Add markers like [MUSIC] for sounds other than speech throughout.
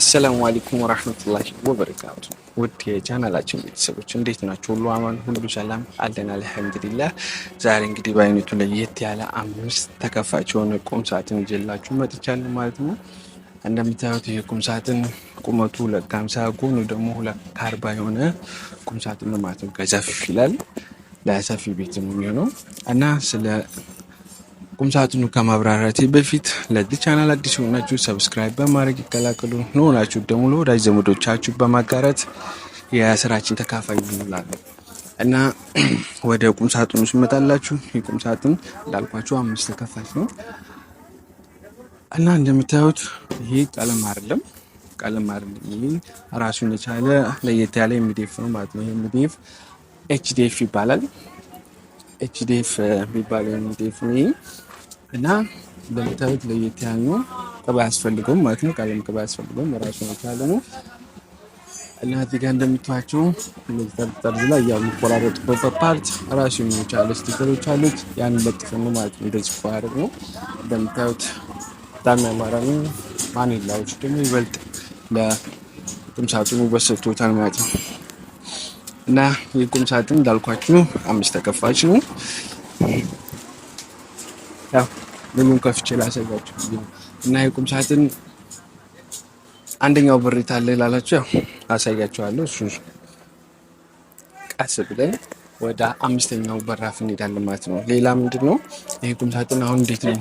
አሰላሙ አለይኩም ወራህመቱላሂ ወበረካቱ። ውድ የቻናላችን ቤተሰቦች እንዴት ናቸው? ሁሉ አማን፣ ሁሉ ሰላም አለን፣ አልሐምዱሊላህ። ዛሬ እንግዲህ በአይነቱ ለየት ያለ አምስት ተከፋች የሆነ ቁም ሳጥን ይዤላችሁ መጥቻለሁ ማለት ነው። እንደምታዩት ይህ ቁም ሳጥን ቁመቱ ሁለት ከሀምሳ ጎኑ ደግሞ ሁለት ከአርባ የሆነ ቁም ሳጥን ነው ማለት ነው። ከሰፊ ይላል ለሰፊ ቤት የሚሆነው እና ስለ ቁም ሳጥኑ ከማብራራቴ በፊት ለዚህ ቻናል አዲስ የሆናችሁ ሰብስክራይብ በማድረግ ይቀላቀሉ። ነሆናችሁ ደግሞ ለወዳጅ ዘመዶቻችሁ በማጋራት የስራችን ተካፋይ ይሆኑላለን እና [CLEARS THROAT] ወደ ቁም ሳጥኑ ስመጣላችሁ የቁም ሳጥን እንዳልኳችሁ አምስት ተከፋች ነው እና እንደምታዩት ይሄ ቀለም አይደለም ቀለም አይደለም። ይሄ ራሱን የቻለ ለየት ያለ ኤምዲኤፍ ነው ማለት ነው። ኤምዲኤፍ ኤችዲኤፍ ይባላል። ኤችዲኤፍ የሚባለው ኤምዲኤፍ ነው። ይሄ እና እንደምታዩት ለየት ያለ ነው። ቅባ ያስፈልገውም ማለት ነው። ቃለም ቅባ ያስፈልገውም ራሱ የቻለ ነው እና እዚህ ጋር እንደምታዩቸው እነዚህ ጠርዝ ላይ ያው የሚቆራረጡበት ፓርት ራሱ የሚቻለ ስቲከሮች አሉት። ያን ለጥፈን ነው ማለት ነው። እንደዚህ ቆራረጥ ነው እንደምታዩት በጣም ያማረ ነው። ማኒላዎች ደግሞ ይበልጥ ለቁምሳጥኑ ውበት ሰጥቶታል ማለት ነው እና ይህ ቁምሳጥን እንዳልኳችሁ አምስት ተከፋች ነው ያው ምኑን ከፍቼ ላሳያችሁ እና የቁም ሳጥን አንደኛው ብሬት አለ ላላችሁ ያው አሳያችኋለሁ። እሱ ቀስ ብለን ወደ አምስተኛው በራፍ እንሄዳለን ማለት ነው። ሌላ ምንድን ነው ይሄ ቁም ሳጥን አሁን እንዴት ነው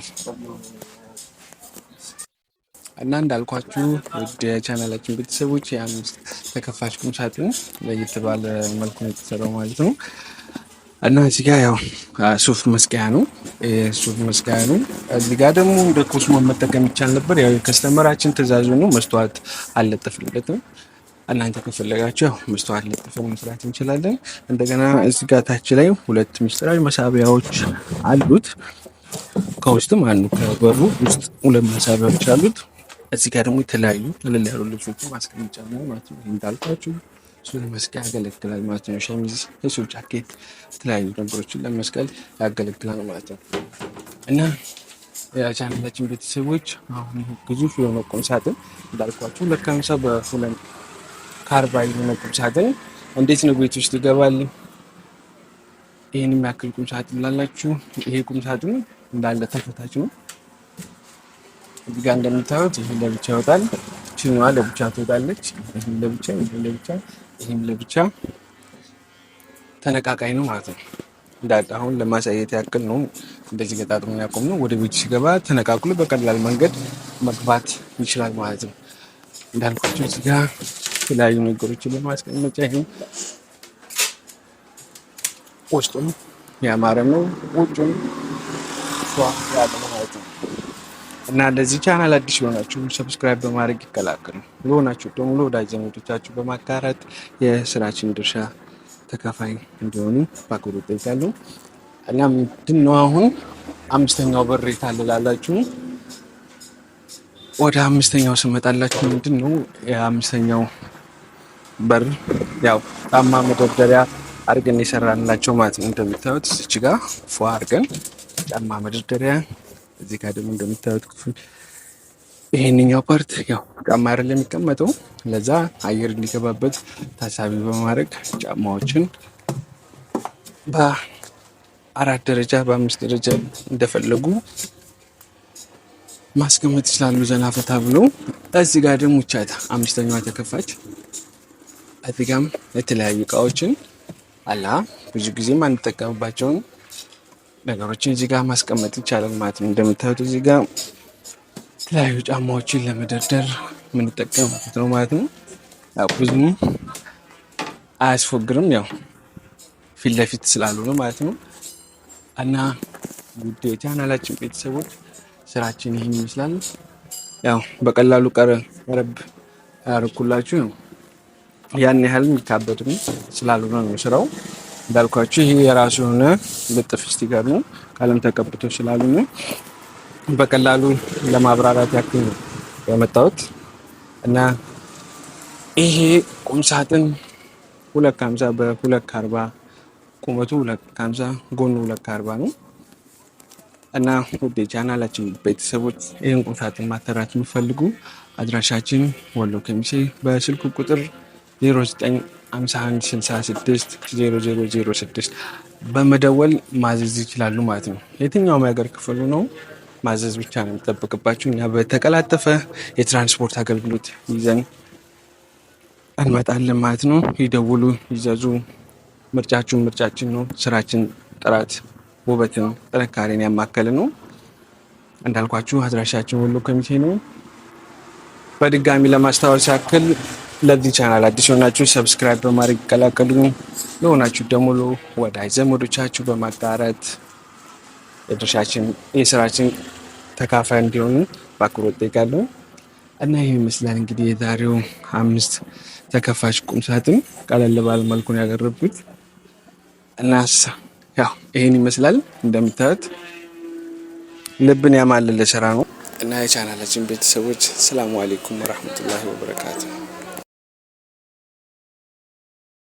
እና እንዳልኳችሁ ወደ ቻናላችን ቤተሰቦች የአምስት ተከፋች ቁም ሳጥን ለየት ባለ መልኩ ነው የተሰራው ማለት ነው። እና እዚህ ጋር ያው ሱፍ መስቀያ ነው፣ ሱፍ መስቀያ ነው። እዚህ ጋር ደግሞ ወደ ኮስሞን መጠቀም ይቻል ነበር። ያው የከስተመራችን ትእዛዙ ነው። መስተዋት አልለጠፍንበትም። እናንተ ከፈለጋችሁ ያው መስተዋት ለጥፈን መስራት እንችላለን። እንደገና እዚህ ጋር ታች ላይ ሁለት ምስጢራዊ መሳቢያዎች አሉት። ከውስጥም አሉ። ከበሩ ውስጥ ሁለት መሳቢያዎች አሉት። እዚህ ጋር ደግሞ የተለያዩ ቀለል ያሉ ልብሶች ማስቀመጫ ነው ማለት ነው። ይህን እንዳልኳችሁ እሱን ለመስቀል ያገለግላል ማለት ነው። ሸሚዝ፣ እሱ ጃኬት፣ የተለያዩ ነገሮችን ለመስቀል ያገለግላል ማለት ነው እና የቻናላችን ቤተሰቦች አሁን ግዙፍ የሆነ ቁም ሳጥን እንዳልኳቸው ለካምሳ በሁለት ከአርባ የሆነ ቁም ሳጥን እንዴት ነው ቤት ውስጥ ይገባል። ይህን የሚያክል ቁም ሳጥን ላላችሁ ይሄ ቁም ሳጥኑ እንዳለ ተፈታች ነው። እዚጋ እንደምታዩት ይህ ለብቻ ይወጣል። ይችኛዋ ለብቻ ትወጣለች። ይህም ለብቻ ይህም ለብቻ ይህም ለብቻ ተነቃቃይ ነው ማለት ነው። እንዳለ አሁን ለማሳየት ያክል ነው። እንደዚህ ገጣጥሞ ያቆም ነው። ወደ ቤት ሲገባ ተነቃቅሎ በቀላል መንገድ መግባት ይችላል ማለት ነው። እንዳልኳቸው እዚህ ጋ የተለያዩ ነገሮችን ለማስቀመጫ ይህም ውስጡም ያማረ ነው። ውጭም ሷ ያለ እና ለዚህ ቻናል አዲስ የሆናችሁ ሰብስክራይብ በማድረግ ይቀላቀሉ። ለሆናችሁ ደግሞ ለወዳጅ ዘመዶቻችሁ በማጋራት የስራችን ድርሻ ተካፋይ እንዲሆኑ በአክብሮት እጠይቃለሁ። እና ምንድነው አሁን አምስተኛው በር ታልላላችሁ ወደ አምስተኛው ስመጣላችሁ ምንድን ነው የአምስተኛው በር ያው ጣማ መደርደሪያ አድርገን የሰራንላቸው ማለት ነው። እንደምታዩት እዚች ፏ አድርገን ጣማ መደርደሪያ እዚህ ጋር ደግሞ እንደምታዩት ክፍል ይሄንኛው ፓርት ያው ጫማ አይደለም የሚቀመጠው። ለዛ አየር እንዲገባበት ታሳቢ በማድረግ ጫማዎችን በአራት ደረጃ በአምስት ደረጃ እንደፈለጉ ማስቀመጥ ይችላሉ፣ ዘናፈታ ብሎ። እዚህ ጋር ደግሞ ቻት አምስተኛዋ ተከፋች። እዚህ ጋም የተለያዩ እቃዎችን አላ ብዙ ጊዜም አንጠቀምባቸውን ነገሮችን እዚህ ጋር ማስቀመጥ ይቻላል ማለት ነው። እንደምታዩት እዚህ ጋር የተለያዩ ጫማዎችን ለመደርደር የምንጠቀምበት ነው ማለት ነው። ብዙም አያስፎግርም፣ ያው ፊት ለፊት ስላልሆነ ማለት ነው። እና ውድ የቻናላችን ቤተሰቦች ስራችን ይህን ይመስላል። ያው በቀላሉ ቀረብ ያርኩላችሁ ያን ያህል የሚካበድም ስላልሆነ ነው ስራው። እንዳልኳችሁ ይሄ የራሱ የሆነ ልጥፍ ስቲከር ነው። ቀለም ተቀብቶ ስላሉ ነው በቀላሉ ለማብራራት ያክል ነው የመጣሁት እና ይሄ ቁምሳጥን ሁለት ከሀምሳ በሁለት ከአርባ ቁመቱ ሁለት ከሀምሳ ጎኑ ሁለት ከአርባ ነው እና ውድ ቻናላችን ቤተሰቦች ይህን ቁምሳጥን ማተራት የሚፈልጉ አድራሻችን ወሎ ከሚሴ በስልክ ቁጥር 09 5166006 በመደወል ማዘዝ ይችላሉ ማለት ነው። የትኛውም የሀገር ክፍሉ ነው ማዘዝ ብቻ ነው የሚጠበቅባቸው። እኛ በተቀላጠፈ የትራንስፖርት አገልግሎት ይዘን እንመጣለን ማለት ነው። ይደውሉ፣ ይዘዙ። ምርጫችሁን ምርጫችን ነው። ስራችን ጥራት፣ ውበትን፣ ጥንካሬን ያማከለ ነው። እንዳልኳችሁ አድራሻችን ወሎ ኮሚቴ ነው። በድጋሚ ለማስታወስ ያክል ለዚህ ቻናል አዲስ ሆናችሁ ሰብስክራይብ በማድረግ ይቀላቀሉ። ለሆናችሁ ደግሞ ወዳጅ ዘመዶቻችሁ በማጋራት የድርሻችን የስራችን ተካፋይ እንዲሆኑ በአክብሮት እጠይቃለሁ። እና ይህ ይመስላል እንግዲህ የዛሬው አምስት ተከፋች ቁም ሳጥን ቀለል ባለ መልኩ ነው ያቀረብኩት። ያው ይህን ይመስላል እንደምታዩት ልብን ያማለለ ስራ ነው። እና የቻናላችን ቤተሰቦች ሰላሙ አሌይኩም ወራህመቱላሂ ወበረካቱ።